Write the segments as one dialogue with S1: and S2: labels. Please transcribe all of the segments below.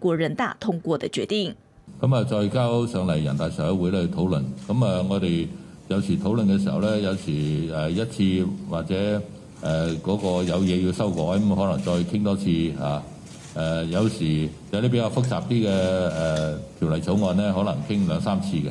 S1: 國人大通過嘅決定，
S2: 咁啊再交上嚟人大常委會咧去討論。咁啊，我哋有時討論嘅時候咧，有時誒一次或者誒嗰個有嘢要修改，咁可能再傾多次吓。誒，有時有啲比較複雜啲嘅誒條例草案咧，可能傾兩三次嘅。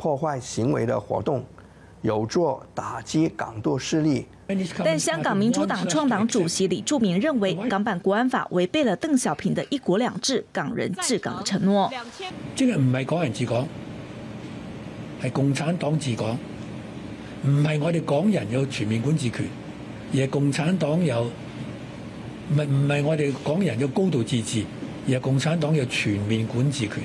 S2: 破壞行為的活動，有助打擊港獨勢力。但香港民主黨創
S1: 黨主席李柱銘認為，港版國安法違背了鄧小平的一國兩制、港人治港的承諾。
S2: 即係唔係港人治港，係共產黨治港。唔係我哋港人有全面管治權，而係共產黨有。唔唔係我哋港人有高度自治，而係共產黨有全面管治權。